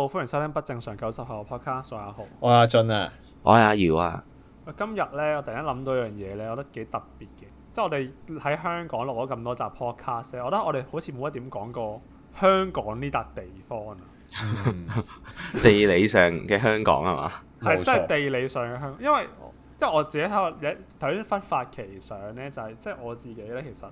好歡迎收聽不正常九十後 podcast，我係阿浩，我係阿俊啊，我係阿堯啊。今日咧，我突然間諗到一樣嘢咧，我覺得幾特別嘅。即係我哋喺香港落咗咁多集 podcast，我覺得我哋好似冇乜點講過香港呢笪地方啊。 地理上嘅香港係嘛？係 真係地理上嘅香港，因為因為我自己喺我頭先突發奇想咧，就係、是、即係我自己咧，其實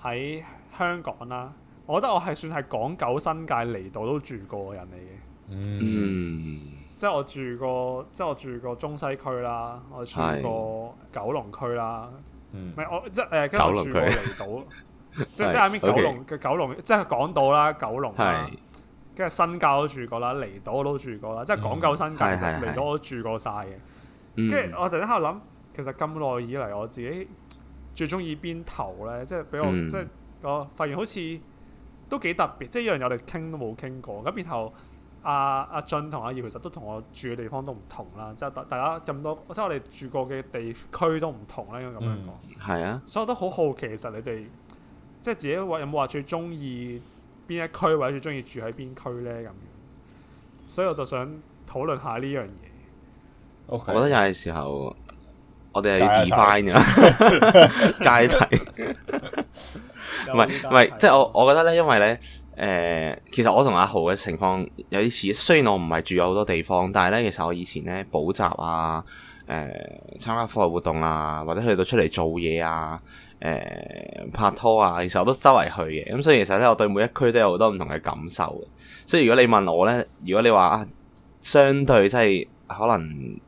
喺香港啦，我覺得我係算係港九新界嚟到都住過嘅人嚟嘅。嗯，即係我住過，即係我住過中西區啦，我住過九龍區啦，唔係我即係誒，跟住住過離島，即係即係喺邊九龍嘅九龍，即係港島啦，九龍啦，跟住新界都住過啦，離島都住過啦，即係港九新界、離島都住過晒嘅。跟住我突然間諗，其實咁耐以嚟，我自己最中意邊頭咧，即係俾我即係我發現好似都幾特別，即係一樣嘢我哋傾都冇傾過。咁然後。阿阿、啊、俊同阿葉其實都同我住嘅地方都唔同啦，即係大大家咁多，即係我哋住過嘅地區都唔同啦，應該咁樣講。係啊、嗯，所以我都好好奇，其實你哋即係自己話有冇話最中意邊一區，或者最中意住喺邊區咧？咁，所以我就想討論下呢樣嘢。Okay. 我覺得又係時候，我哋係要 define 階梯。唔係唔係，即係我，我覺得咧，因為咧，誒，其實我同阿豪嘅情況有啲似。雖然我唔係住有好多地方，但係咧，其實我以前咧補習啊，誒，參加課外活動啊，或者去到出嚟做嘢啊，誒，拍拖啊，其實我都周圍去嘅。咁所以其實咧，我對每一區都有好多唔同嘅感受。所以如果你問我咧，如果你話啊，相對即係可能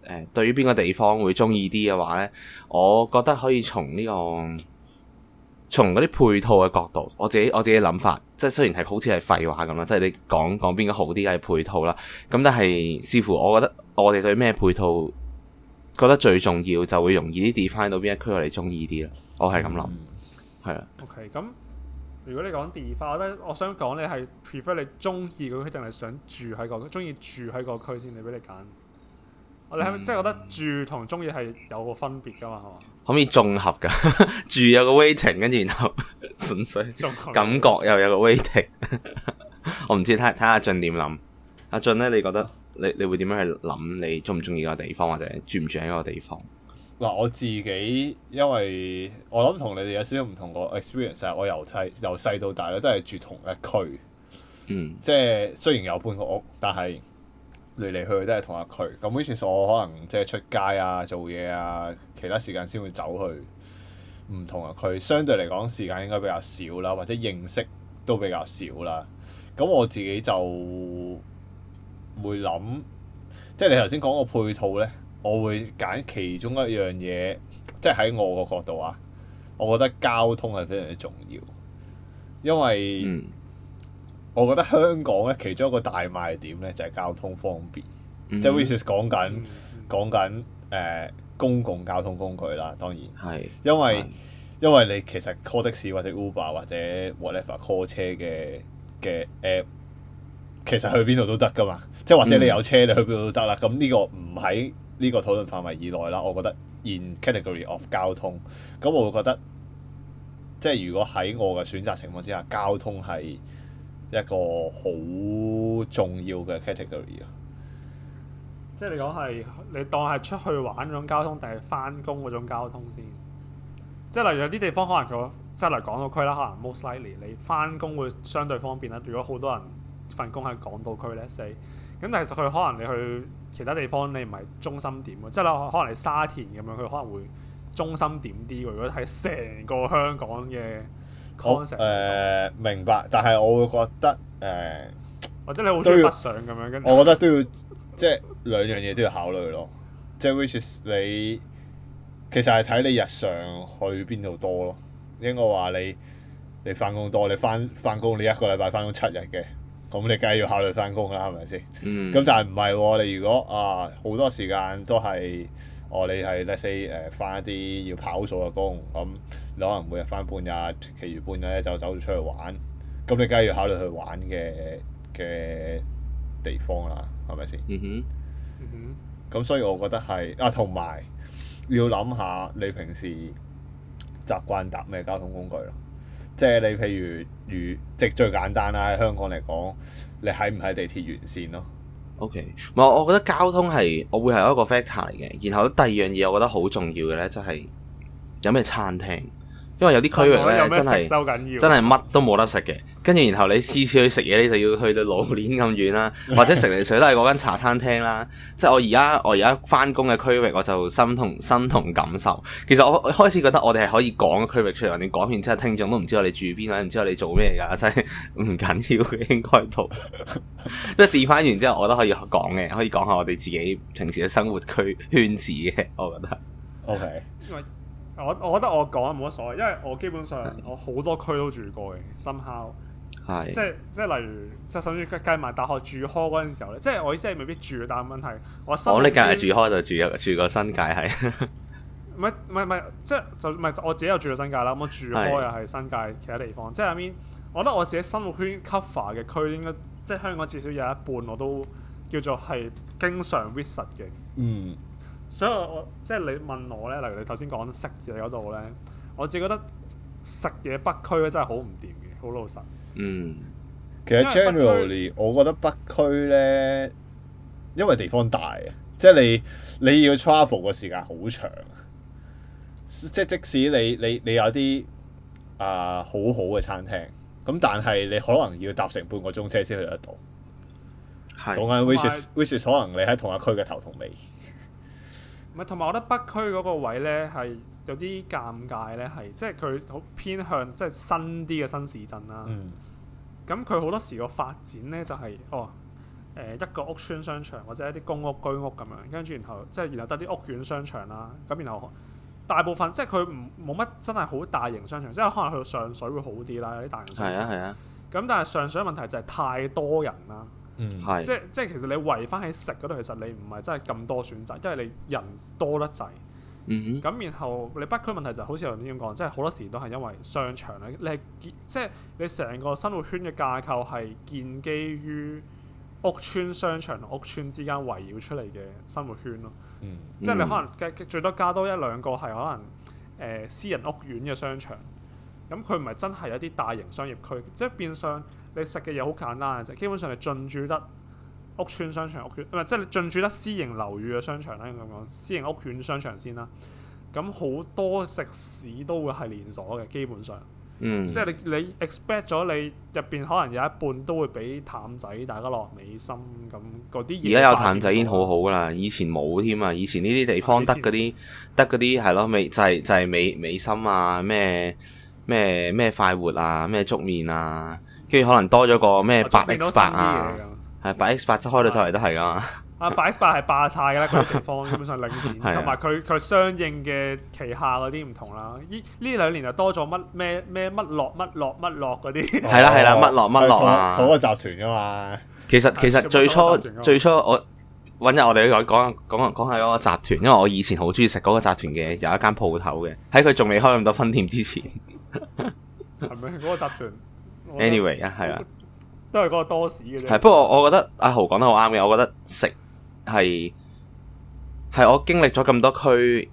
誒，對於邊個地方會中意啲嘅話咧，我覺得可以從呢個從嗰啲配套嘅角度，我自己我自己諗法，即係雖然係好似係廢話咁啦，即係你講講邊個好啲嘅配套啦，咁但係視乎我覺得我哋對咩配套覺得最重要，就會容易啲 define 到邊一區我哋中意啲啦。我係咁諗，係啊。OK，咁如果你講 define 我想講你係 prefer 你中意嗰區定係想住喺個中意住喺個區先，你俾你揀。我哋係咪即係覺得住同中意係有個分別噶嘛？可唔，嗯、可以綜合噶， 住有個 waiting，跟住然後純 粹感覺又有個 waiting 我。我唔知睇睇阿俊點諗。阿俊咧，你覺得你你會點樣去諗你中唔中意一個地方，或者住唔住喺一個地方？嗱，啊，我自己因為我諗同你哋有少少唔同個 experience，我由細由細到大咧都係住同一區，嗯，即係雖然有半個屋，但係。嚟嚟去去都係同一區，咁於是所我可能即係出街啊、做嘢啊，其他時間先會走去區，唔同啊，佢相對嚟講時間應該比較少啦，或者認識都比較少啦。咁我自己就會諗，即係你頭先講個配套咧，我會揀其中一樣嘢，即係喺我個角度啊，我覺得交通係非常之重要，因為。嗯我覺得香港咧，其中一個大賣點咧，就係、是、交通方便。嗯、即係 Weese 講緊講緊公共交通工具啦，當然係是因為的因為你其實 call 的士或者 Uber 或者 whatever call 車嘅嘅 app，其實去邊度都得噶嘛。即係或者你有車，你去邊度都得啦。咁呢、嗯、個唔喺呢個討論範圍以內啦。我覺得 in category of 交通，咁我會覺得即係如果喺我嘅選擇情況之下，交通係。一個好重要嘅 category 咯，即係你講係你當係出去玩嗰種交通，定係翻工嗰種交通先？即係例如有啲地方可能個即係嚟港島區啦，可能 most likely 你翻工會相對方便啦。如果好多人份工喺港島區咧，咁但係其實佢可能你去其他地方你唔係中心點嘅，即係可能你沙田咁樣，佢可能會中心點啲。如果喺成個香港嘅。好，誒 Concept,、呃、明白，但係我會覺得誒，呃、我真係好想咁樣跟。後我覺得都要， 即係兩樣嘢都要考慮咯。即係 which is 你，其實係睇你日常去邊度多咯。應該話你，你翻工多，你翻翻工，你一個禮拜翻工七日嘅，咁你梗係要考慮翻工啦，係咪先？嗯。咁但係唔係喎？你如果啊，好、呃、多時間都係。哦，你係 let's say 誒、呃、翻一啲要跑數嘅工，咁、嗯、你可能每日翻半日，其餘半日咧就走咗出去玩。咁你梗係要考慮去玩嘅嘅地方啦，係咪先？Mm hmm. 嗯，咁所以我覺得係啊，同埋要諗下你平時習慣搭咩交通工具咯。即係你譬如，如即最簡單啦，喺香港嚟講，你喺唔喺地鐵沿線咯？OK，我覺得交通係我會係一個 factor 嚟嘅。然後第二樣嘢我覺得好重要嘅咧，就係有咩餐廳。因為有啲區域咧，真係真係乜都冇得食嘅。跟住然後你次次去食嘢，你就要去到老年咁遠啦，或者食嚟食去都係嗰間茶餐廳啦。 即係我而家我而家翻工嘅區域，我就心同心同感受。其實我開始覺得我哋係可以講嘅區域出嚟。你講完之後聽眾，聽眾都唔知我哋住邊啊，唔知我哋做咩噶，真係唔緊要嘅。應該都 即係 d 完之後，我都可以講嘅，可以講下我哋自己平時嘅生活區圈子嘅。我覺得 ，OK。我我覺得我講冇乜所謂，因為我基本上是我好多區都住過嘅，新區是，係，即係即係例如即係甚至計埋大學住 hall 嗰陣時候咧，即係我意思係未必住，但問題我我呢屆係住 hall 就住住個新界係，唔係唔係即係就唔係我自己又住咗新界啦，咁我住 hall 又係新界其他地方，是即係下面。I mean, 我覺得我自己生活圈 cover 嘅區應該即係香港至少有一半我都叫做係經常 visit 嘅，嗯。所以我即係你問我咧，例如你頭先講食嘢嗰度咧，我自己覺得食嘢北區咧真係好唔掂嘅，好老實。嗯，其實 generally，我覺得北區咧，因為地方大啊，即係你你要 travel 嘅時間好長。即係即使你你你有啲啊、呃、好好嘅餐廳，咁但係你可能要搭成半個鐘車先去得到。係的，講緊 which is, which is 可能你喺同一區嘅頭同尾。同埋我覺得北區嗰個位咧係有啲尷尬咧，係即係佢好偏向即係新啲嘅新市鎮啦。咁佢好多時個發展咧就係、是、哦，誒、呃、一個屋邨商場或者一啲公屋居屋咁樣，跟住然後即係然後得啲屋苑商場啦。咁然後大部分即係佢唔冇乜真係好大型商場，即係可能去到上水會好啲啦，有啲大型商場。係啊咁、啊、但係上水問題就係太多人啦。嗯，係、mm hmm.，即係即係，其實你圍翻喺食嗰度，其實你唔係真係咁多選擇，因為你人多得滯。咁、mm hmm. 然後你北區問題就係、好似頭先點講，即係好多時都係因為商場咧，你係即係你成個生活圈嘅架構係建基於屋邨商場同屋邨之間圍繞出嚟嘅生活圈咯。Mm hmm. 即係你可能最多加多一兩個係可能誒、呃、私人屋苑嘅商場，咁佢唔係真係一啲大型商業區，即係變相。你食嘅嘢好簡單嘅啫，基本上你進駐得屋邨商場、屋邨唔係即係進駐得私營樓宇嘅商場啦。咁講私營屋苑商場先啦。咁好多食肆都會係連鎖嘅，基本上，嗯，即係你你 expect 咗你入邊可能有一半都會俾譚仔，大家落美心咁嗰啲。而家有譚仔已經好好噶啦，以前冇添啊，以前呢啲地方得嗰啲以前得嗰啲係咯，就係就係、美就係就係美美心啊，咩咩咩快活啊，咩粥麵啊。跟住可能多咗個咩八 X 八啊，係八 X 八，開到周圍都係噶嘛。八 X 八係霸晒嘅啦，嗰個地方基本上領展，同埋佢佢相應嘅旗下嗰啲唔同啦。呢呢兩年就多咗乜咩咩乜落乜落乜落嗰啲。係啦係啦，乜落乜落。啊，同個集團噶嘛。其實其實最初最初我搵日我哋去講講講講下嗰個集團，因為我以前好中意食嗰個集團嘅有一間鋪頭嘅，喺佢仲未開咁多分店之前，係咪嗰個集團？Anyway 啊，係啦，都係嗰個多士嘅啫。係不過我我覺得阿豪講得好啱嘅，我覺得食係係我經歷咗咁多區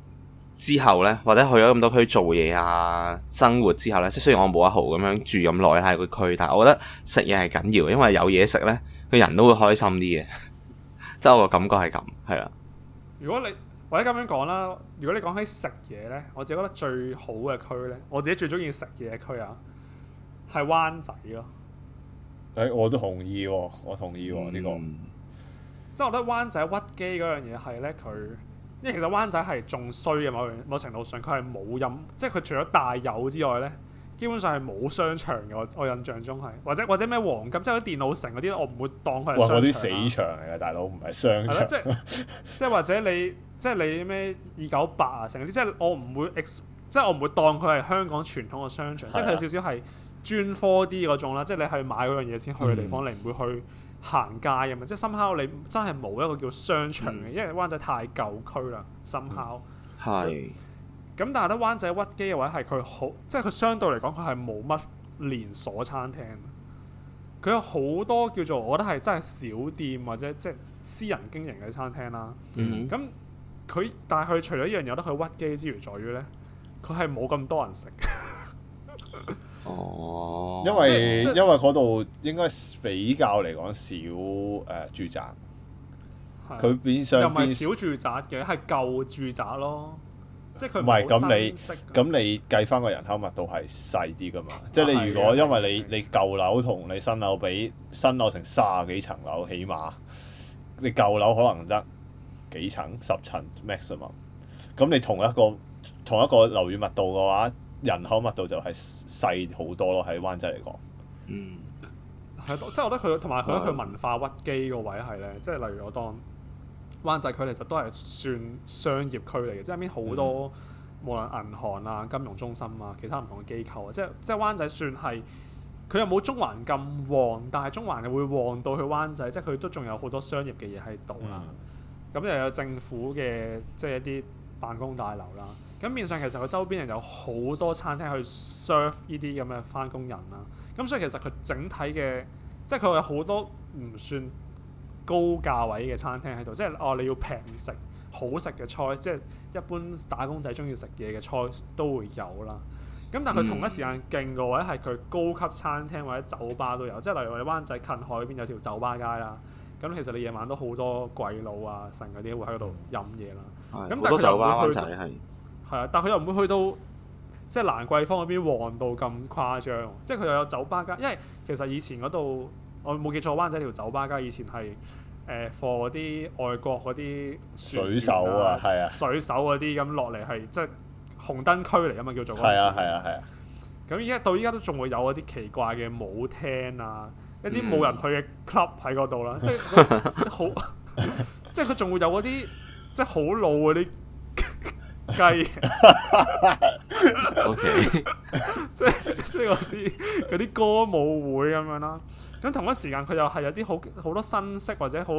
之後咧，或者去咗咁多區做嘢啊、生活之後咧，即係雖然我冇阿豪咁樣住咁耐喺個區，但係我覺得食嘢係緊要，因為有嘢食咧，佢人都會開心啲嘅。即 係我嘅感覺係咁，係啦。如果你或者咁樣講啦，如果你講起食嘢咧，我自己覺得最好嘅區咧，我自己最中意食嘢區啊。係灣仔咯，誒，我都同意喎，我同意喎、哦、呢、哦嗯呢個。即係我覺得灣仔屈機嗰樣嘢係咧，佢因為其實灣仔係仲衰嘅某某程度上，佢係冇音，即係佢除咗大有之外咧，基本上係冇商場嘅。我印象中係或者或者咩黃金，即係啲電腦城嗰啲我唔會當佢。哇！嗰啲死場嚟嘅大佬，唔係商場、嗯， 即係或者你即係你咩二九八啊，成嗰啲，即係我唔會 ex, 即係我唔會當佢係香港傳統嘅商場，即係是、啊、有少少係。專科啲嗰種啦，即係你去買嗰樣嘢先去嘅地方，嗯、你唔會去行街啊嘛。即係深烤，你真係冇一個叫商場嘅，嗯、因為灣仔太舊區啦。深烤係。咁、嗯、是但係咧，灣仔屈機嘅話係佢好，即係佢相對嚟講，佢係冇乜連鎖餐廳。佢有好多叫做，我覺得係真係小店或者即係私人經營嘅餐廳啦。咁佢、嗯、哼但係佢除咗一樣有得佢屈機之餘，在於咧，佢係冇咁多人食。哦，因為因為嗰度應該比較嚟講少誒住宅，佢的變相變少住宅嘅，係舊住宅咯，即係佢唔係咁你咁你計返個人口密度係細啲㗎嘛？的即係你如果因為你你舊樓同你新樓比，新樓成卅幾層樓起碼，你舊樓可能得幾層十層 maximum，咁你同一個同一個樓宇密度嘅話，人口密度就係細好多咯，喺灣仔嚟講。嗯，係， 即係我覺得佢同埋佢佢文化屈機嗰位係咧，即係例如我當灣仔佢其實都係算商業區嚟嘅，即係入邊好多、嗯、無論銀行啊、金融中心啊、其他唔同嘅機構啊，即係即係灣仔算係佢又冇中環咁旺，但係中環又會旺到去灣仔，即係佢都仲有好多商業嘅嘢喺度啦。咁又有政府嘅即係一啲辦公大樓啦。咁面上，其實佢周邊人有好多餐廳去 serve 呢啲咁嘅返工人啦、啊，咁所以其實佢整體嘅，即係佢有好多唔算高價位嘅餐廳喺度，即係哦你要平食好食嘅菜，即係一般打工仔中意食嘢嘅菜都會有啦。咁但係佢同一時間勁嘅位係佢高級餐廳或者酒吧都有，即係例如我哋灣仔近海嗰邊有條酒吧街啦、啊。咁其實你夜晚都好多鬼佬啊、神嗰啲會喺度飲嘢啦。係是，咁酒吧其實會係啊，但佢又唔會去到即係蘭桂坊嗰邊旺到咁誇張，即係佢又有酒吧街，因為其實以前嗰度我冇記錯，灣仔條酒吧街以前係誒貨嗰啲外國嗰啲水手啊，係啊，水手嗰啲咁落嚟係即係紅燈區嚟啊嘛，叫做係啊係啊係啊，咁依家到依家都仲會有嗰啲奇怪嘅舞廳啊，嗯、一啲冇人去嘅 club 喺嗰度啦，即係好，即係佢仲會有嗰啲即係好老嗰啲。雞，O K，即係即係嗰啲啲歌舞會咁樣啦。咁同一時間佢又係有啲好好多新式或者好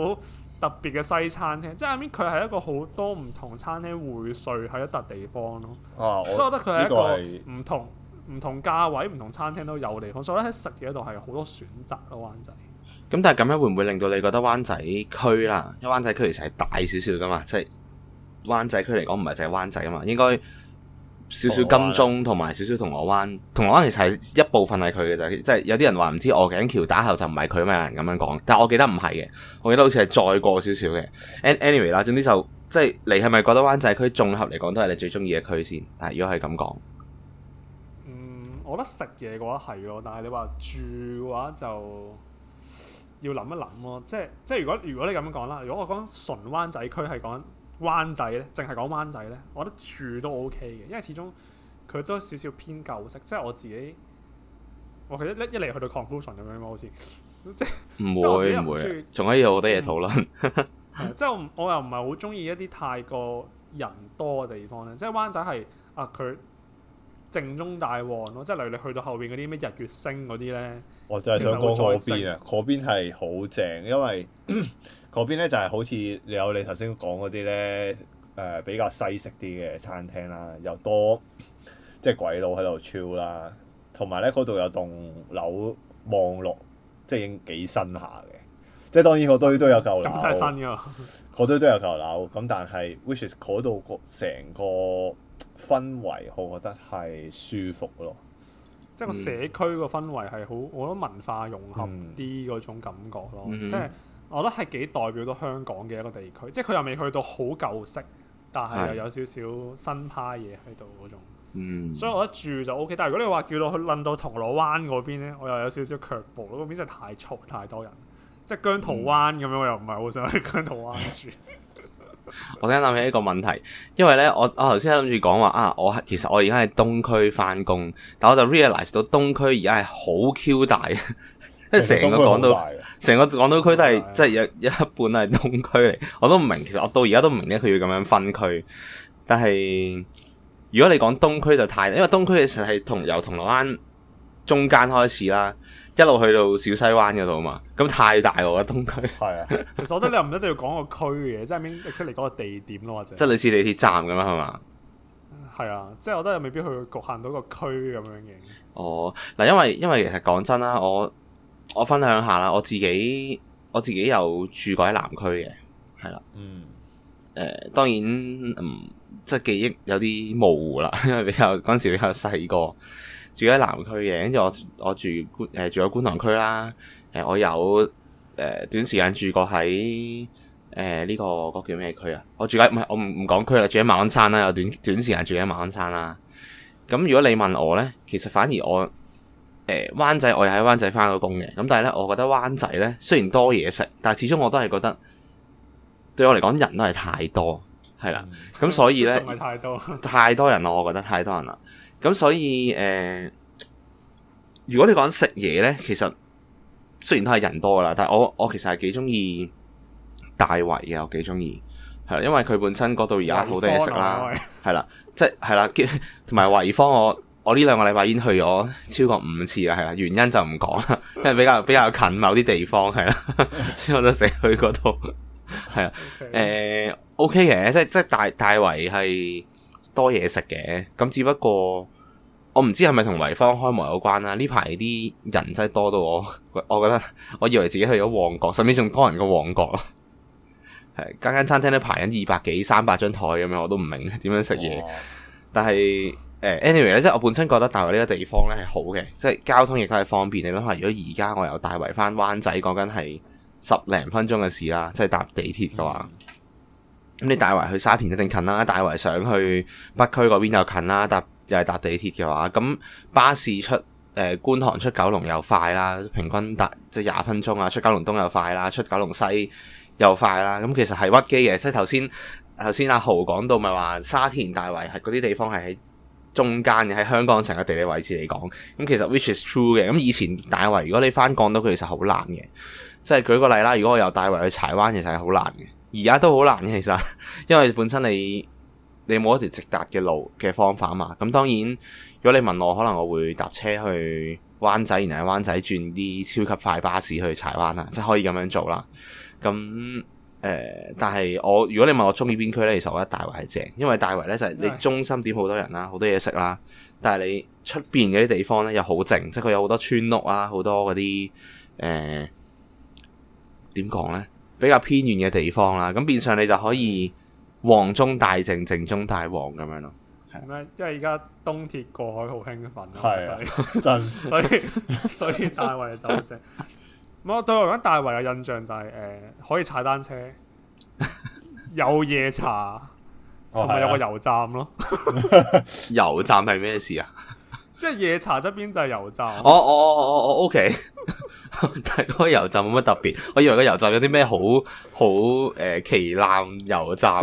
特別嘅西餐廳，即係入面佢係一個好多唔同餐廳會聚喺一笪地方咯。哦、啊，所以我覺得佢係一個唔同唔同價位唔同餐廳都有地方，所以咧喺食嘢度係好多選擇咯，灣仔。咁但係咁樣會唔會令到你覺得灣仔區啦？因為灣仔區其實係大少少噶嘛，即係。灣仔區嚟講唔係淨係灣仔啊嘛，應該少少金鐘同埋少少銅鑼灣，銅鑼灣其實係一部分係佢嘅就，即係有啲人話唔知鵝頸橋打後就唔係佢，有人咁樣講，但我記得唔係嘅，我記得好似係再過少少嘅。Anyway 啦，總之就即係你係咪覺得灣仔區綜合嚟講都係你最中意嘅區先？但係如果係咁講，嗯，我覺得食嘢嘅話係咯，但係你話住嘅話就要諗一諗咯。即係即係如果如果你咁樣講啦，如果我講純灣仔區係講。灣仔咧，淨係講灣仔咧，我覺得住都 O K 嘅，因為始終佢都少少偏舊式，即係我自己，我其實一一嚟，去到 conclusion 咁樣咯，好似即係唔會唔會，仲可以有好、嗯、 多嘢討論。即係我又唔係好中意一啲太過人多嘅地方咧，即係灣仔係啊，佢正宗大旺咯，即係例如你去到後邊嗰啲咩日月星嗰啲咧，我就係想講嗰邊啊，嗰邊係好正，因為。 嗰邊咧就係、是、好似你有你頭先講嗰啲咧，誒、呃、比較西式啲嘅餐廳啦，又多即係鬼佬喺度 chill 啦，同埋咧嗰度有，有棟樓望落，即係已經幾新下嘅，即係當然嗰堆都有舊樓，走曬新㗎嘛，嗰 堆都有舊樓咁，但係 which is 嗰度個成個氛圍，我覺得係舒服咯，即係個社區個氛圍係好，嗯、我覺得文化融合啲嗰種感覺咯，嗯嗯、即係。我覺得係幾代表到香港嘅一個地區，即係佢又未去到好舊式，但係又有少少新派嘢喺度嗰種。嗯的，所以我一住就 OK。但係如果你話叫到去，諗到銅鑼灣嗰邊咧，我又有少少卻步咯。嗰邊真係太嘈，太多人，即係姜濤灣咁樣，的我又唔係好想喺姜濤灣住。我突然諗起一個問題，因為咧，我我頭先諗住講話啊，我係其實我而家喺東區翻工，但我就 realize 到東區而家係好 Q 大。即係成個港島，成個港島區都係即係一一半都係東區嚟，我都唔明。其實我到而家都唔明咧，佢要咁樣分區。但係如果你講東區就太大，因為東區其實係同由銅鑼灣中間開始啦，一路去到小西灣嗰度嘛。咁太大我嘅東區係啊。的 其實我覺得你又唔一定要講個區嘅，即係未必出嚟嗰個地點咯，或者即係類似地鐵站咁啊，係嘛？係啊，即係我覺得又未必去局限到個區咁樣嘅。哦，嗱，因為因為其實講真啦，我。我分享下啦，我自己我自己有住過喺南區嘅，係啦，嗯，誒、呃，當然，嗯，即係記憶有啲模糊啦，因為比較嗰陣時比較細個住喺南區嘅，跟住我我住觀誒住喺觀塘區啦，誒我有誒短時間住過喺誒呢個嗰叫咩區啊？我住喺唔係我唔唔講區啦，住喺馬鞍山啦，有短短時間住喺馬鞍山啦。咁如果你問我咧，其實反而我。誒，灣、呃、仔我又喺灣仔翻咗工嘅，咁但係咧，我覺得灣仔咧，雖然多嘢食，但係始終我都係覺得對我嚟講人都係太多，係啦，咁、嗯、所以咧，太多太多人啦，我覺得太多人啦，咁所以誒、呃，如果你講食嘢咧，其實雖然都係人多噶啦，但係我我其實係幾中意大圍嘅，我幾中意係啦，因為佢本身嗰度而家好多嘢食啦，係啦，即係啦，同埋葵芳我。我呢兩個禮拜已經去咗超過五次啦，係啦，原因就唔講啦，因為比較比較近某啲地方係啦， 所以我都成去嗰度，係啊，誒，O K 嘅，即係即係大大圍係多嘢食嘅，咁只不過我唔知係咪同圍方開幕有關啦，呢排啲人真係多到我，我覺得我以為自己去咗旺角，甚至仲多人過旺角啦，係間間餐廳都排緊二百幾、三百張台咁樣，我都唔明點樣食嘢，Wow. 但係。Anyway 咧，即係我本身覺得大圍呢個地方咧係好嘅，即係交通亦都係方便。你諗下，如果而家我由大圍翻灣仔，講緊係十零分鐘嘅事啦，即係搭地鐵嘅話，咁你大圍去沙田一定近啦，大圍想去北區嗰邊又近啦，搭又係搭地鐵嘅話，咁巴士出誒、呃、觀塘出九龍又快啦，平均搭即係廿分鐘啊，出九龍東又快啦，出九龍西又快啦，咁其實係屈機嘅。即係頭先頭先阿豪講到，咪話沙田大圍係嗰啲地方係喺，中間嘅喺香港成個地理位置嚟講，咁其實 which is true 嘅。咁以前大圍，如果你翻港島，佢其實好難嘅。即係舉個例啦，如果我由大圍去柴灣，其實係好難嘅。而家都好難嘅，其實，因為本身你你冇一條直達嘅路嘅方法啊嘛。咁當然，如果你問我，可能我會搭車去灣仔，然後喺灣仔轉啲超級快巴士去柴灣啦，即係可以咁樣做啦。咁。誒、呃，但係我如果你問我中意邊區咧？其實我覺得大圍係正，因為大圍咧就係、是、你中心點好多人啦，好多嘢食啦，但係你出邊嗰啲地方咧又好靜，即係佢有好多村屋啊，好多嗰啲誒，點講咧？比較偏遠嘅地方啦，咁變相你就可以旺中帶靜，靜中帶旺咁樣咯。係咩？因為而家東鐵過海好興奮啊，係啊的，真所以， 所以所以大圍就正。我對我而家大圍嘅印象就係、是、誒、呃、可以踩單車，有夜茶同埋有個油站咯。哦啊、 油站係咩事啊？即係夜茶側邊就係油站。哦哦哦哦哦，O K。Okay、 但係個油站冇乜特別，我以為個油站有啲咩好好誒騎纜油站啊。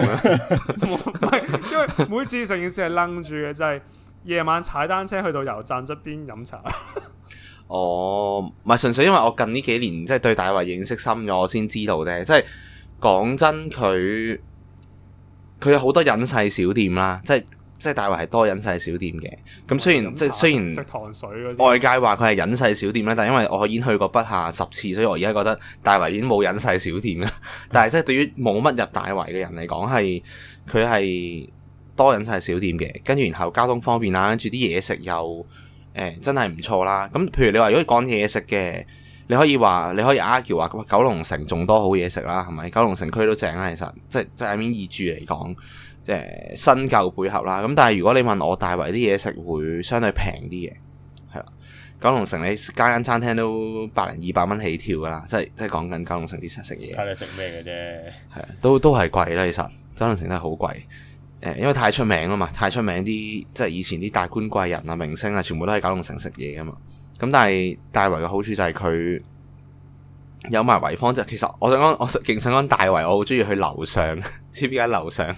唔係 因為每次成件事係愣住嘅，就係、是、夜晚踩單車去到油站側邊飲茶。我唔係純粹因為我近呢幾年即係對大圍認識深咗，我先知道咧。即係講真，佢佢有好多隱世小店啦。即係即係大圍係多隱世小店嘅。咁雖然即係雖然食糖水外界話佢係隱世小店啦，但係因為我已經去過不下十次，所以我而家覺得大圍已經冇隱世小店啦。但係即係對於冇乜入大圍嘅人嚟講，係佢係多隱世小店嘅。跟住然後交通方便啦、啊，跟住啲嘢食又。誒、欸、真係唔錯啦！咁、嗯、譬如你話如果講嘢食嘅，你可以話你可以 argue 啊咁話九龍城仲多好嘢食啦，係咪？九龍城區都正啦，其實即即係面易住嚟講，誒新舊配合啦。咁但係如果你問我大圍啲嘢食會相對平啲嘅，係啦。九龍城你間間餐廳都百零二百蚊起跳噶啦，即係即係講緊九龍城啲食食嘢。睇你食咩嘅啫，係啊，都都係貴啦，其實九龍城真係好貴。誒，因為太出名啊嘛，太出名啲，即係以前啲大官貴人啊、明星啊，全部都喺九龍城食嘢啊嘛。咁但係大圍嘅好處就係佢有埋圍坊，就其實我想講，我勁想講大圍，我好中意去樓上，知唔知點解樓上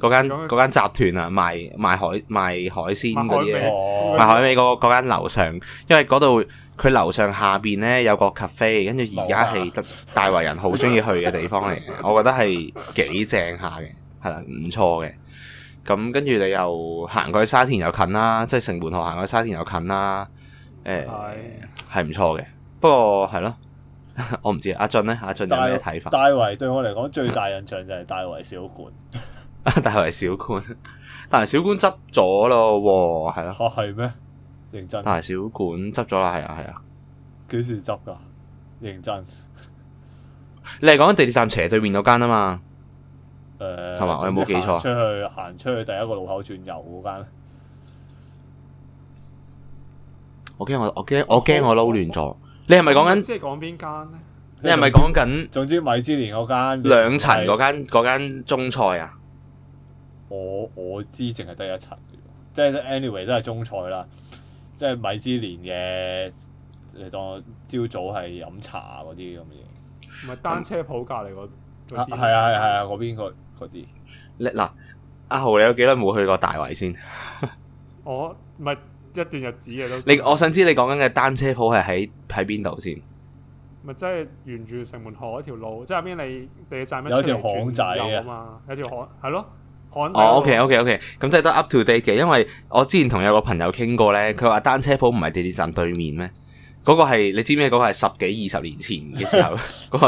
嗰間，間集團啊賣賣海賣海鮮嗰啲、啊、賣海味嗰、嗰個間樓上，因為嗰度佢樓上下邊呢有個 cafe，跟住而家係大圍人好中意去嘅地方嚟嘅，有啊、 我覺得係幾正下嘅。係啦，唔錯嘅。咁跟住你又行過去沙田又近啦，即係城門河行過去沙田又近啦。誒、呃，係唔的錯嘅。不過係咯，我唔知阿俊咧，阿俊有咩睇法？大圍對我嚟講，最大印象就係大圍小， 小館。大圍小館了了，大圍小館執咗咯，係咯、啊？係咩？認真。大圍小館執咗啦，係啊，係啊。幾時執噶？認真。 你係講地鐵站斜對面嗰間啊嘛？同埋、呃、我有冇記錯？出去行出去第一個路口轉右嗰間。我驚我我驚我驚我撈亂咗。你係咪講緊？即係講邊間咧？你係咪講緊？總之米芝蓮嗰間兩層嗰間嗰間中菜啊！我我知淨係得一層，即係 anyway 都係中菜啦。即係米芝蓮嘅，你當朝早係飲茶嗰啲咁嘅嘢，唔係單車鋪隔籬嗰。嗯啊，係啊，係啊，嗰邊個嗰啲。你嗱，阿、啊啊、豪，你有幾耐冇去過大圍先？ 我咪一段日子嘅都。你我想知你講緊嘅單車鋪係喺喺邊度先？咪即係沿住城門河嗰條路，即係邊你地鐵站出來出來有條巷仔啊嘛？嗯、有條巷係咯，巷。哦，OK，OK，OK，咁即係都是 up to date 嘅，因為我之前同有個朋友傾過咧，佢話單車鋪唔係地鐵站對面咩？嗰個係你知唔知？嗰個係十幾二十年前嘅時候嗰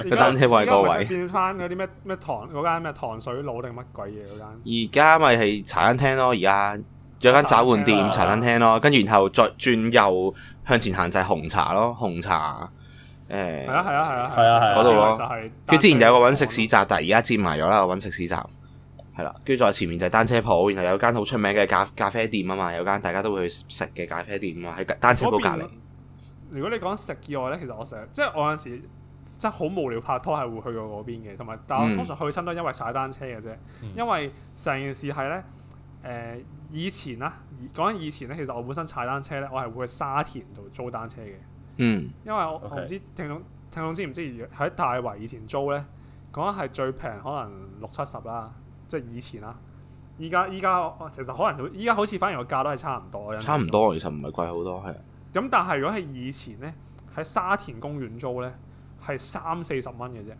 個個單車位個位，轉翻嗰啲咩咩糖嗰間咩糖水佬定乜鬼嘢嗰間？而家咪係茶餐廳咯，而家有間找換店茶餐廳咯，跟住然後再轉右向前行就係紅茶咯，紅茶誒。係啊係啊係啊係啊，嗰度咯。佢之前有個揾食市集，但係而家佔埋咗啦揾食市集。係啦，跟住再前面就係單車鋪，然後有間好出名嘅咖咖啡店啊嘛，有間大家都會去食嘅咖啡店啊嘛，喺單車鋪隔離。如果你講食以外咧，其實我成日，即係我有陣時即係好無聊拍拖，係會去過嗰邊嘅，同埋但我通常去親都係因為踩單車嘅啫。嗯、因為成件事係咧，誒、呃、以前啊，講緊以前咧，其實我本身踩單車咧，我係會去沙田度租單車嘅。嗯，因為我我唔知 okay. 聽講聽講知唔知喺大圍以前租咧，講緊係最平可能六七十啦，即係以前啦。依家依家其實可能依家好似反而個價都係差唔多。差唔多，其實唔係貴好多係。咁但係如果係以前咧，喺沙田公園租咧，係三四十蚊嘅啫，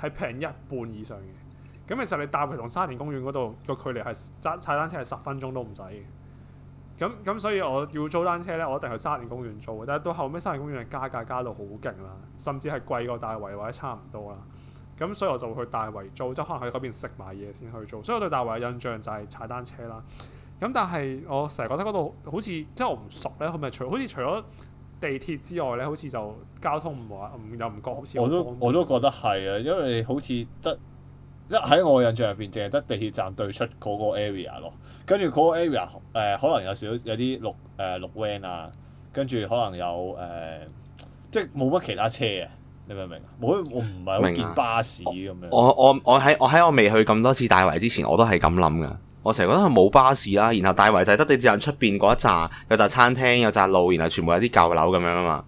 係平一半以上嘅。咁其實你大圍同沙田公園嗰度個距離係踩踩單車係十分鐘都唔使嘅。咁咁所以我要租單車咧，我一定去沙田公園租。但係到後尾沙田公園加價加到好勁啦，甚至係貴過大圍或者差唔多啦。咁所以我就會去大圍租，即係可能喺嗰邊食埋嘢先去租。所以我對大圍嘅印象就係踩單車啦。咁、嗯、但係我成日覺得嗰度好似即係我唔熟咧，佢咪除好似除咗地鐵之外咧，好似就交通唔話唔又唔覺好似我都也我都覺得係啊，因為好似得一喺我印象入邊，淨係得地鐵站對出嗰個 area 咯，跟住嗰個 area 誒、呃、可能有少少有啲綠誒綠 van 啊，跟住可能有誒、呃、即係冇乜其他車啊。你明唔明？我我唔係好見巴士咁、啊、樣。我我我喺我喺我，我未去咁多次大圍之前，我都係咁諗㗎。我成日覺得佢冇巴士啦、啊，然後大圍就係得地鐵站出邊嗰一扎，有扎餐廳，有扎路，然後全部有啲舊樓咁樣啊嘛。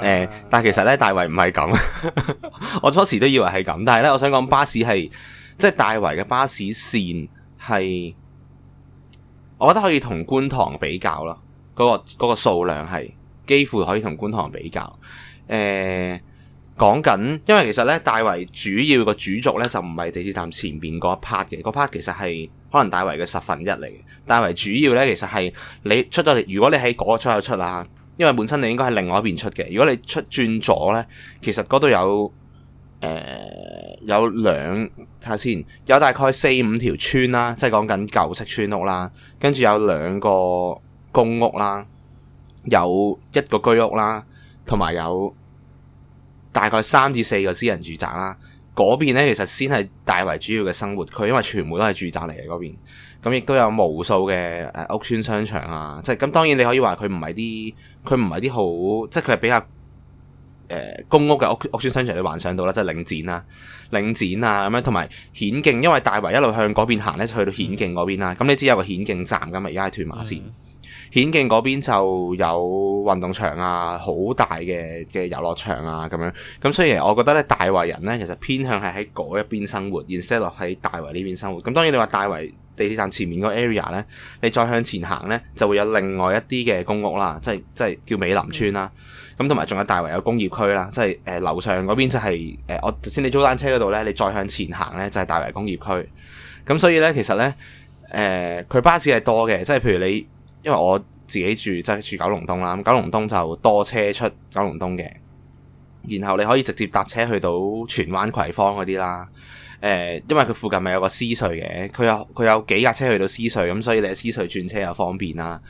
呃、Yeah. 但係其實咧，大圍唔係咁。 我初時都以為係咁，但係咧，我想講巴士係即係大圍嘅巴士線係，我覺得可以同觀塘比較咯。嗰個嗰個數量係幾乎可以同觀塘比較。誒、那個，講、那、緊、個呃，因為其實咧，大圍主要個主軸咧就唔係地鐵站前邊嗰一 part 嘅，嗰、那、part、個、其實係。可能大圍嘅十分一嚟嘅，大圍主要咧其實係你出咗，如果你喺嗰出就出啦，因為本身你應該喺另外一邊出嘅。如果你出轉左咧，其實嗰度有誒、呃、有兩睇下先，有大概四五條村啦，即係講緊舊式村屋啦，跟住有兩個公屋啦，有一個居屋啦，同埋有，有大概三至四個私人住宅啦。嗰邊咧，其實先係大圍主要嘅生活區，因為全部都係住宅嚟嘅嗰邊。咁亦都有無數嘅誒、呃、屋村商場啊，即係咁當然你可以話佢唔係啲佢唔係啲好，即係佢係比較誒、呃、公屋嘅屋屋村商場，你幻想到啦，即係領展啦、啊、領展啊咁樣，同埋顯徑，因為大圍一路向嗰邊行咧，就去到顯徑嗰邊啦、啊。咁你知有個顯徑站噶嘛，而家係屯馬線。顯徑嗰邊就有運動場啊，好大嘅嘅遊樂場啊，咁樣。咁所以我覺得咧，大圍人咧，其實偏向係喺嗰一邊生活 instead 落喺大圍呢邊生活。咁當然你話大圍地鐵站前面個 area 咧，你再向前行咧，就會有另外一啲嘅公屋啦，即係即係叫美林村啦。咁同埋仲有大圍有工業區啦，即係誒樓上嗰邊就係、是、誒、呃、我頭先你租單車嗰度咧，你再向前行咧就係、是、大圍工業區。咁所以咧其實咧，誒、呃、佢巴士係多嘅，即係譬如你。因為我自己住即係、就係、住九龍東啦，九龍東就多車出九龍東嘅，然後你可以直接搭車去到荃灣葵芳嗰啲啦。誒、呃，因為佢附近咪有個西隧嘅，佢有佢有幾架車去到西隧，咁所以你喺西隧轉車又方便啦。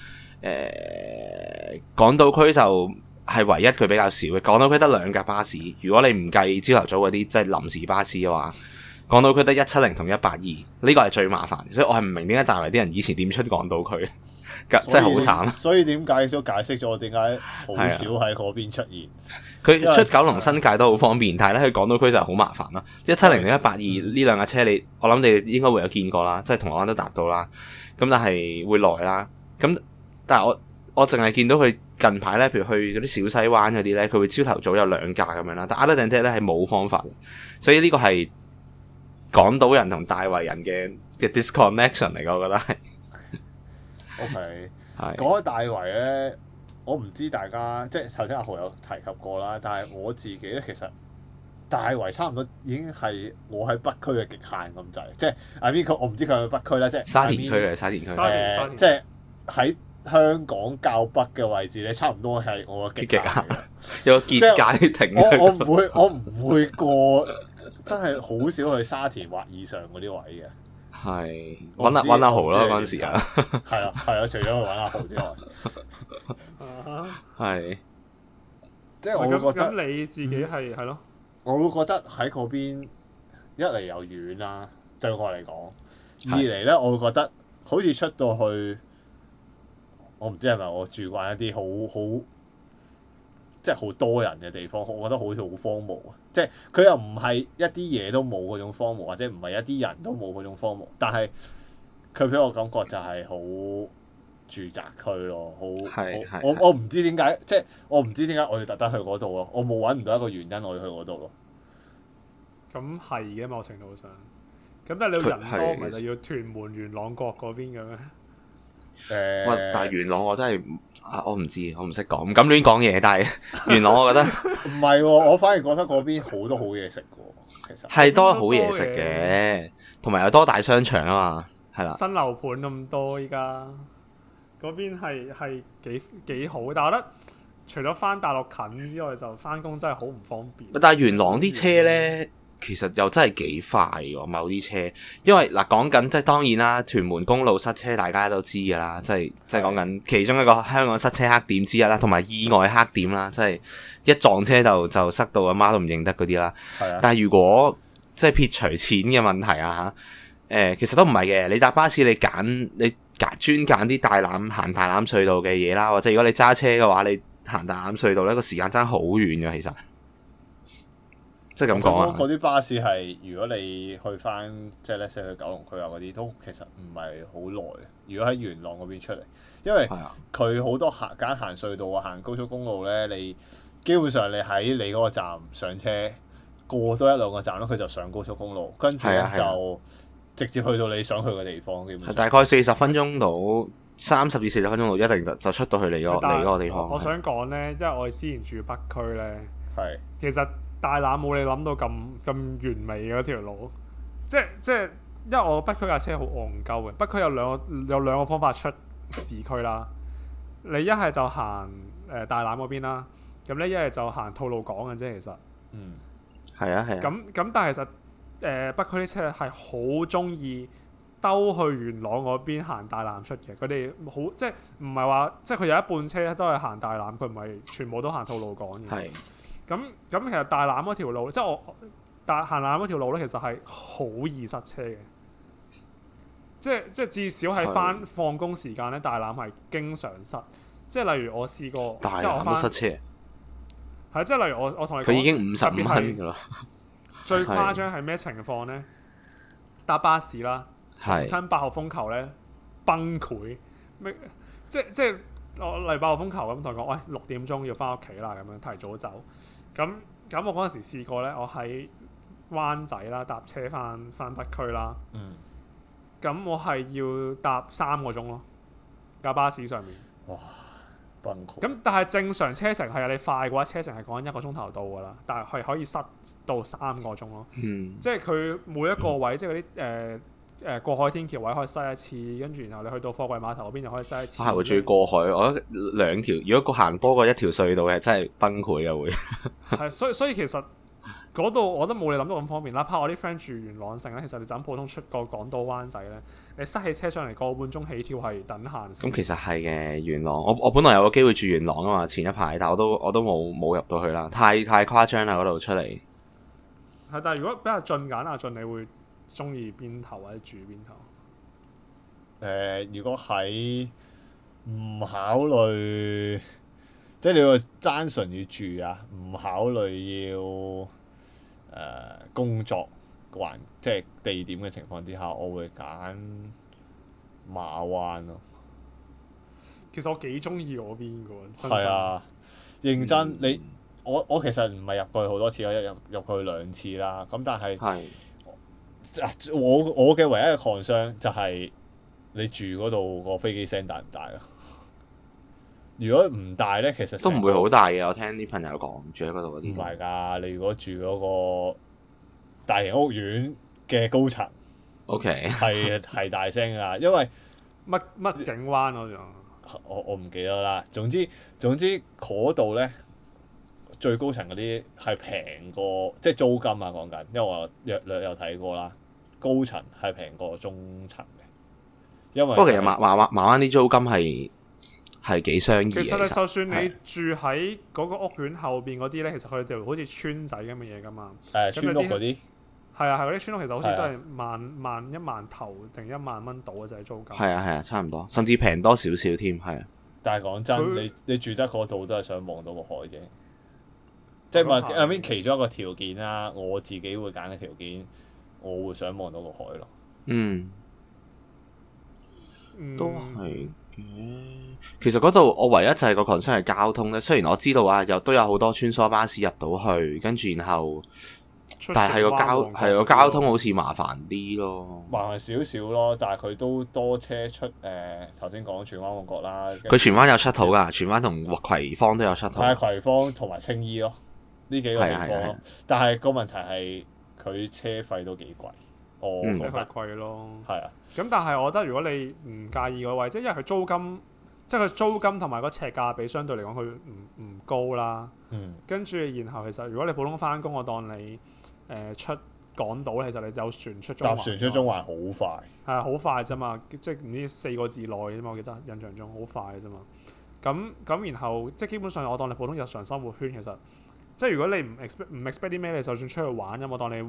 誒、呃，港島區就係唯一佢比較少嘅，港島區得兩架巴士。如果你唔計朝頭早嗰啲即係臨時巴士嘅話。講到佢得一七零同一八二，呢個係最麻煩，所以我係唔明點解大圍啲人以前點出港島區， 真係好慘。所以點解亦都解釋咗我點解好少喺嗰邊出現。佢 為出九龍新界都好方便，但係咧去港島區就好麻煩啦。一七零同一八二呢兩架車你，你我諗你應該會有見過啦，即係同我都搭到啦。咁但係會來啦。咁但係我我淨係見到佢近排咧，譬如去嗰啲小西灣嗰啲咧，佢會朝頭早有兩架咁樣啦。但係阿德頓車咧係冇方法，所以呢個係。港島人同大圍人嘅嘅 disconnection 嚟，噶我覺得係。O K，係講開大圍咧，我唔知大家即係頭先阿豪有提及過啦，但係我自己咧其實大圍差唔多已經係我喺北區嘅極限咁滯，即係阿邊個我唔知佢喺北區啦，即係 I mean, 沙田區係沙田區，誒，即係喺香港較北嘅位置咧，差唔多係我嘅極，極限，有個結界停。我我唔會，我唔會，會過，過。真係好少去沙田或以上嗰啲位嘅，係揾阿揾阿豪啦嗰陣時 啊，係啦係啦，除咗去揾阿豪之外，係即係我會覺得你自己係係咯，我會覺得喺嗰邊一嚟又遠啦，對我嚟講，二嚟咧我會覺得好似出到去，我唔知係咪我住慣一啲好好即係好多人嘅地方，我覺得好似好荒蕪啊。即係佢又唔係一啲嘢都冇嗰種荒蕪，或者唔係一啲人都冇嗰種荒蕪，但係佢俾我感覺就係好住宅區咯，好是我的我唔知點解，即係我唔知點解我要特登去嗰度咯，我冇揾唔到一個原因我要去嗰度咯。咁係嘅，某程度上，咁但係你人多咪就要屯門元朗角嗰邊嘅咩？誒、欸，但係元朗我真係，我唔知，我唔識講，唔敢亂講嘢。但係元朗，我覺得唔係、 哦，我反而覺得嗰邊好多好嘢食噶，其實係多好嘢食嘅，同埋有多大商場啊嘛，係啦，新樓盤咁多依家，嗰邊係係幾幾好，但係我覺得除咗翻大陸近之外，就翻工真係好唔方便。但係元朗啲車咧。其實又真係幾快喎，某啲車，因為嗱、啊、講緊即係當然啦，屯門公路塞車大家都知㗎啦，即係即係講緊其中一個香港塞車黑點之一啦，同埋意外黑點啦，即係一撞車就就塞到阿媽，媽都唔認得嗰啲啦。的但係如果即係撇除錢嘅問題啊，誒、呃、其實都唔係嘅，你搭巴士你揀你夾專揀啲大欖行大欖隧道嘅嘢啦，或者如果你揸車嘅話，你行大欖隧道呢個時間爭好遠嘅，其實。即係咁講嗰啲巴士，係如果你去翻即係咧，想去九龍區啊嗰啲，都其實唔係好耐。如果喺元朗嗰邊出嚟，因為佢好多行揀、哎、呀行隧道啊，行高速公路咧，你基本上你喺你嗰個站上車，過多一兩個站咯，佢就上高速公路，跟住就直接去到你想去嘅地方。的基本大概四十分鐘到，三十的至四十分鐘度，一定就出到去你嗰、嗰個、但你嗰個地方。我，我想講咧，因為我哋之前住北區咧，係其實。大欖冇你諗到咁咁完美嗰條路，即係即係，因為我北區架車好戇鳩嘅，北區有兩個有兩個方法出市區啦。你一係就行誒、呃、大欖嗰邊啦，咁咧一係就行吐露港嘅啫。其實，嗯，係啊，係啊。咁咁但係其實誒、呃、北區啲車係好中意兜去元朗嗰邊行大欖出嘅，佢哋好即係唔係話即係佢有一半車都係行大欖，佢唔係全部都行吐露港嘅，係。咁咁、嗯嗯，其實大欖嗰條路，即係我大行欖嗰條路咧，其實係好易塞車嘅。即係即係至少喺翻的放工時間咧，大欖係經常塞。即係例如我試過，大欖都塞車。係即係例如我我同你講，佢已經五十五米㗎啦。最誇張係咩情況咧？搭的巴士啦，親的八號風球咧崩潰，咩？即即係我嚟八號風球咁同佢講，喂，六點鐘要翻屋企啦，咁樣提早走。咁咁我嗰陣時試過咧，我喺灣仔啦，搭車返返北區啦，咁、嗯、我係要搭三個鐘咯，架巴士上面。哇！咁但係正常車程係你快嘅話，車程係講緊一個鐘頭到㗎喇，但係可可以塞到三個鐘咯。嗯、即係佢每一個位 即係嗰啲誒。呃誒過海天橋位可以塞一次，跟住然後你去到貨櫃碼頭嗰邊就可以塞一次。係會住過海，我覺得兩條，如果個行多過一條隧道嘅，真係崩潰啊會。係，所以所以其實嗰度 我都冇你諗到咁方便啦。怕我啲 friend 住元朗城咧，其實你就普通出個港島灣仔咧，你塞起車上嚟個半鐘起跳係等閒。咁、嗯、其實係嘅，元朗我我本來有個機會住元朗啊嘛，前一排，但我都我都冇冇入到去啦，太太誇張啦嗰度出嚟。係，但係如果比較近揀啊，近你會。中意邊頭或者住邊頭？誒、呃，如果喺唔考慮，即係你要單純要住啊，唔考慮要誒、呃、工作環即係地點嘅情況之下，我會揀馬灣咯、啊。其實我幾中意嗰邊嘅喎。係啊，認真、嗯、你我我其實唔係入過去好多次咯，我一入入去兩次啦。咁但係係。我我嘅唯一嘅 concern 就係你住嗰度個飛機聲大唔大啊？如果唔大咧，其實都唔會好大嘅。我聽啲朋友講，住喺嗰度嗰啲唔係㗎。你如果住嗰個大型屋苑嘅高層，OK，係 係大聲㗎，因為乜乜景灣嗰種，我我唔記得啦。總之總之嗰度咧，最高層嗰啲係平過即係、就是、租金啊！講緊，因為我略略有睇過啦。高層係平過中層嘅，因為不過其實慢慢慢慢啲租金係係幾相宜嘅。其實就算你住喺嗰個屋苑後邊嗰啲咧，其實佢就好似村仔咁嘅嘢噶嘛。誒，村屋嗰啲係啊，係嗰啲村屋，其實好似都係萬萬一萬頭定一萬蚊到嘅就係租金。係啊，係啊，差唔多，甚至平多少少添，係啊。但係講真，你你住得嗰度都係想望到個海啫。即係話入邊其中一個條件啦，我自己會揀嘅條件。我會想望到個海咯、嗯。嗯，都係其實嗰度我唯一就係個 Concern 係交通咧。雖然我知道啊，有都有好多穿梭巴士入到去，跟住然後，但係個交係個交通好似麻煩啲咯。麻煩少少咯，但係佢都多車出。誒、呃，頭先講荃灣旺角啦，佢荃灣有出土噶，荃灣同葵芳都有出土。係葵芳同埋青衣咯，呢幾個地方。但係個問題係。佢車費都幾貴，我覺得貴咯。係啊，咁但係我覺得如果你唔介意個位，即係因為佢租金，即係佢租金同埋嗰尺價比相對嚟講佢唔唔高啦。嗯。跟住然後其實如果你普通翻工，我當你誒、呃、出港島，其實你有船出中環。搭船出中環好快。係啊，好快啫嘛，即係唔知四個字內啫嘛，我記得印象中好快啫嘛。咁咁然後即係基本上我當你普通日常生活圈其實。即係如果你唔 expect 唔 expect 啲咩，你就算出去玩咁，我當你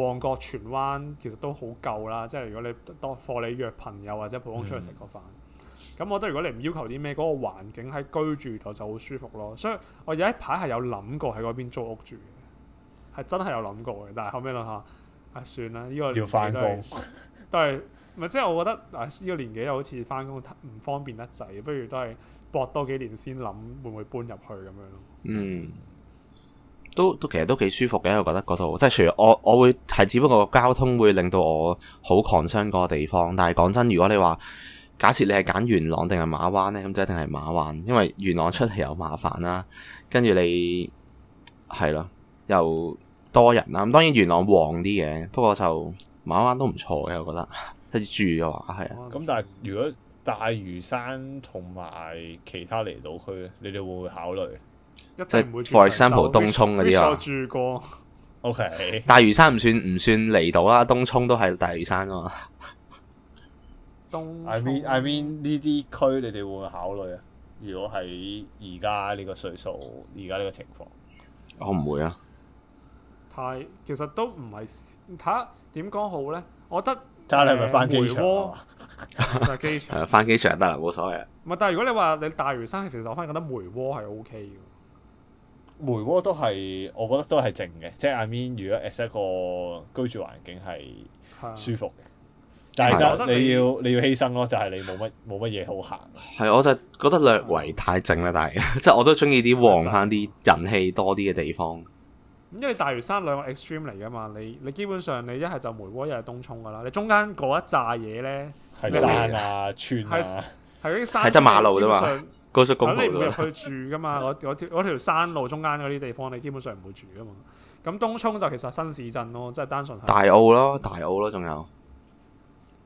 旺角荃灣其實都好夠啦。即係如果你當貨你約朋友或者普通出去食個飯，咁、嗯、我覺得如果你唔要求啲咩，嗰、嗰個環境喺居住度就好舒服咯。所以我有一排係有諗過喺嗰邊租屋住，係真係有諗過嘅。但係後尾諗下，係、啊、算啦。呢個年紀都係咪即係我覺得呢個年紀又好似翻工唔方便得滯，不如都係搏多幾年先諗會唔會搬入去咁樣咯。嗯。嗯。都都其實都幾舒服嘅，我覺得嗰度即係除我我會係，只不過交通會令到我好擴張嗰個地方。但係講真，如果你話假設你係揀元朗定係馬灣咧，咁就一定係馬灣，因為元朗出係有麻煩啦、啊。跟住你係咯，又多人啦、啊。咁當然元朗旺啲嘅，不過就馬灣都唔錯嘅，我覺得。即係住嘅話係啊。咁但係如果大嶼山同埋其他離島區咧，你哋會唔會考慮？即係 for example，東涌嗰啲啊，住過，OK。大嶼山唔算唔算離島啦，東涌都係大嶼山啊嘛。東，I mean I mean 呢啲區，你哋會唔會考慮啊？如果喺而家呢個歲數，而家呢個情況，我唔會啊。太，其實都唔係，睇下點講好咧。我覺得，睇下你係咪翻機場啊？翻機場？翻機場得啦，冇所謂啊。唔係，但係如果你話你大嶼山，其實我反而覺得梅窩係 OK 嘅。梅窩都係，我覺得都係靜嘅，即係 I mean，如果 as 一個居住環境係舒服嘅，但係就你要你要犧牲咯，就係你冇乜冇乜嘢好行。係，我就覺得略為太靜啦，但係即係我都中意啲旺翻啲人氣多啲嘅地方。因為大嶼山兩個 extreme 嚟㗎嘛，你你基本上你一係就梅窩，一係東涌㗎啦，你中間嗰一紮嘢咧係山啊，村啊，係啲山，係得馬路啫嘛。 咁你唔入去住噶嘛？嗰嗰 條，條山路中間嗰啲地方，你基本上唔會住噶嘛？咁東涌就其實新市鎮咯，即係單純大澳咯，大澳咯，仲有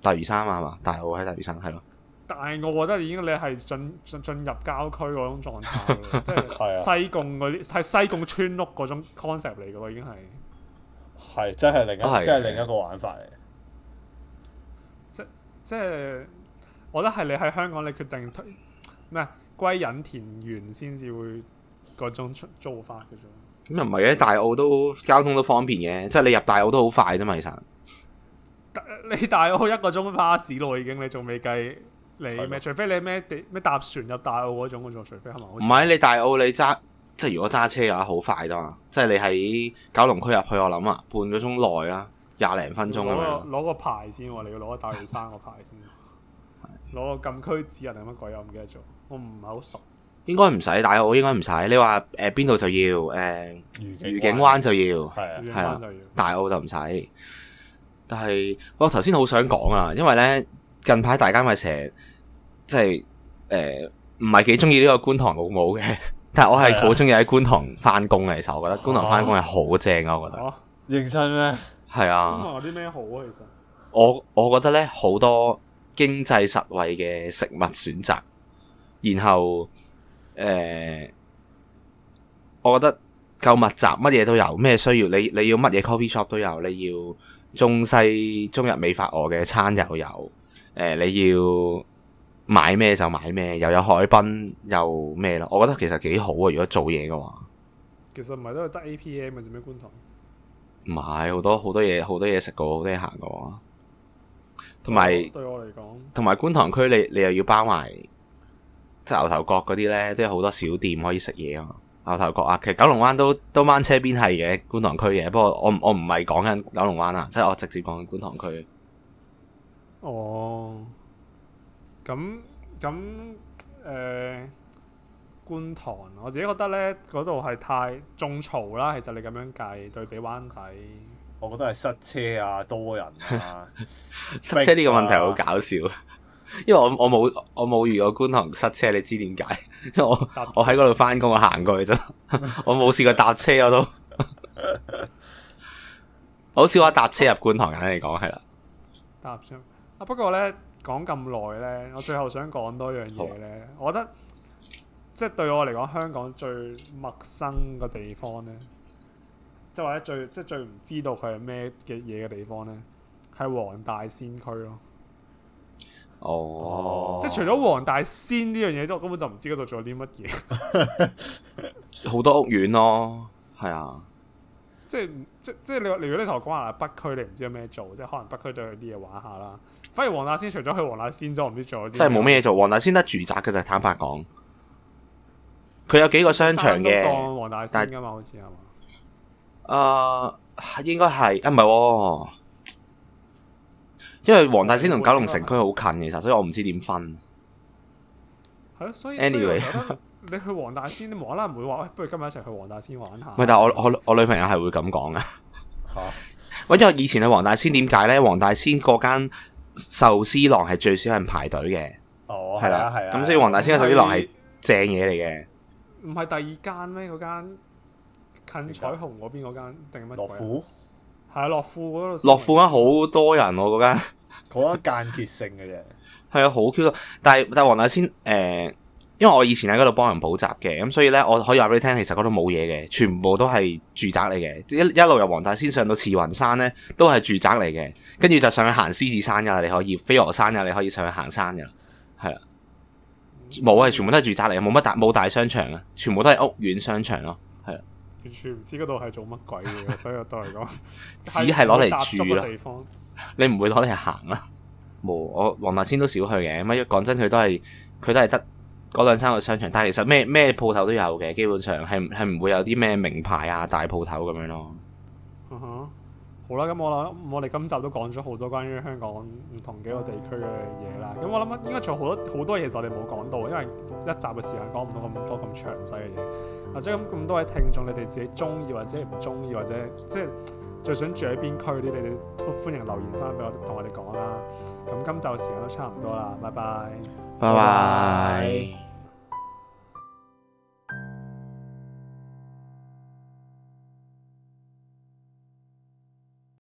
大嶼山啊嘛？大澳喺大嶼山係咯。大澳我覺得已經你係進進入郊區嗰種狀態，即係 西貢嗰啲係西貢村屋嗰種 concept 嚟噶喎，已經係係真係另一真係是另一個玩法嚟。即即係我覺得係你喺香港，你決定推咩？歸隱田，田園先至會嗰種出做法嘅啫。咁又唔係喺大澳都交通都方便嘅，即係你入大澳都好快啫嘛，其實。你大澳一個鐘巴士路已經，你仲未計嚟咩？吧除非你咩咩搭船入大澳嗰種，除非係咪？唔係你大澳你揸，即係如果揸車嘅話好快噶嘛。即係你喺九龍區入去，我諗啊半個鐘內啊，廿零分鐘啊。攞個牌先喎，你要攞個大嶼山個牌先。攞個，個， 個禁區指引定乜鬼啊？唔記得咗。我唔係好熟，應該唔使大澳，應該唔使。你話誒邊度就要誒愉景灣就要係啊，係啦，大澳、呃、就唔使。但係我頭先好想講啊，因為咧近排大家咪成日，即係誒唔係幾中意呢個觀塘老母嘅，但係我係好中意喺觀塘翻工嘅。其實、啊、我覺得觀塘翻工係好正啊，我覺得。認真咩？係啊。有啲咩好啊？其實我我覺得咧好多，多經濟實惠嘅食，食物選擇。然後，誒、呃，我覺得夠密集，乜嘢都有，咩需要你你要乜嘢 coffee shop 都有，你要中西中日美法俄嘅餐又有，誒、呃、你要買咩就買咩，又有海濱又咩咯，我覺得其實幾好啊！如果做嘢嘅話，其實唔係都係得 APM 啊，做咩觀塘？唔係好多好多嘢，好多嘢食過，好多嘢行嘅，同埋對我嚟講，同埋觀塘區你，你你又要包埋。牛頭角嗰啲呢，都有好多小店可以食嘢啊。牛頭角啊，其實九龍灣都都掹車邊係嘅，觀塘區嘅。不過我我唔係講緊九龍灣啊，即係我直接講緊觀塘區。哦，咁咁誒，觀塘我自己覺得呢嗰度係太眾嘈啦。其實你咁樣計，對比灣仔，我覺得係塞車啊，多人啊， 塞車呢個問題好搞笑。因為我我冇我冇遇過觀塘塞車，你知點解？因 為我我喺嗰度翻工，我行過去啫，我冇試過， 過搭車，我都 好少話搭車入觀塘。眼你講係啦，搭車啊！不過咧講咁耐咧，我最後想講多樣嘢咧，好我覺得即係對我嚟講，香港最陌生嘅地方咧，即係或者最即係最唔知道佢係咩嘅嘢嘅地方咧，係黃大仙區咯。哦，即係除咗黃大仙呢樣嘢，都根本就唔知嗰度做啲乜嘢，好多屋苑咯，係啊， 即係即即係你，如果你同我講下北區，你唔知有咩做，即係可能北區都有啲嘢玩下啦。反而黃大仙除咗去黃大仙咗，唔知做咗啲，即係冇咩做。黃大仙得住宅嘅就係、坦白講，佢有幾個商場嘅黃大仙㗎嘛，是好似係嘛，啊，應該係啊唔係。哦因為黃大仙同九龍城區好近嘅其實，所以我唔知點分。anyway，你去黃大仙，你冇啦啦唔會話不如今日一齊去黃大仙玩下。唔係，但係我我，我女朋友係會咁講噶。吓，喂，因為以前去黃大仙點解咧？黃大仙嗰間壽司郎係最少人排隊嘅。哦、oh, 的，係啊，係啊。咁所以黃大仙嘅壽司郎係正嘢嚟嘅。唔係第二間咩？嗰間近彩虹嗰邊嗰間定乜？樂富係啊，樂富嗰度。樂富嗰間好多人哦，嗰間。嗰一間歇性嘅啫，係啊好 Q 咯！但係但係黃大仙誒、呃，因為我以前喺嗰度幫人補習嘅，咁所以咧我可以話俾你聽，其實嗰度冇嘢嘅，全部都係住宅嚟嘅。一一路由黃大仙上到慈雲山咧，都係住宅嚟嘅。跟住就上去行獅子山噶，你可以飛鵝山噶，你可以上去行山噶，係啊，冇啊，全部都係住宅嚟，冇乜大冇大商場啊，全部都係屋苑商場咯，係啊，完全唔知嗰度係做乜鬼嘅，所以我都係講，只係攞嚟住咯。你唔會攞嚟行啦，冇，我黃大仙都少去嘅，咁一講真佢都係佢都係得嗰兩三個商場，但係其實咩咩鋪頭都有嘅，基本上係係唔會有啲咩名牌啊大鋪頭咁樣咯。嗯哼，好啦，咁我諗我哋今集都講咗好多關於香港唔同幾個地區嘅嘢啦，咁我諗應該仲有好多好多嘢，就我哋冇講到，因為一集嘅時間講唔到咁多咁詳細嘅嘢，或者咁咁多位聽眾你哋自己中意或者唔中意或者即係。即係最想住喺邊區啲？你哋歡迎留言翻俾我，同我哋講啦。咁今晝時間都差唔多啦，拜拜，拜拜。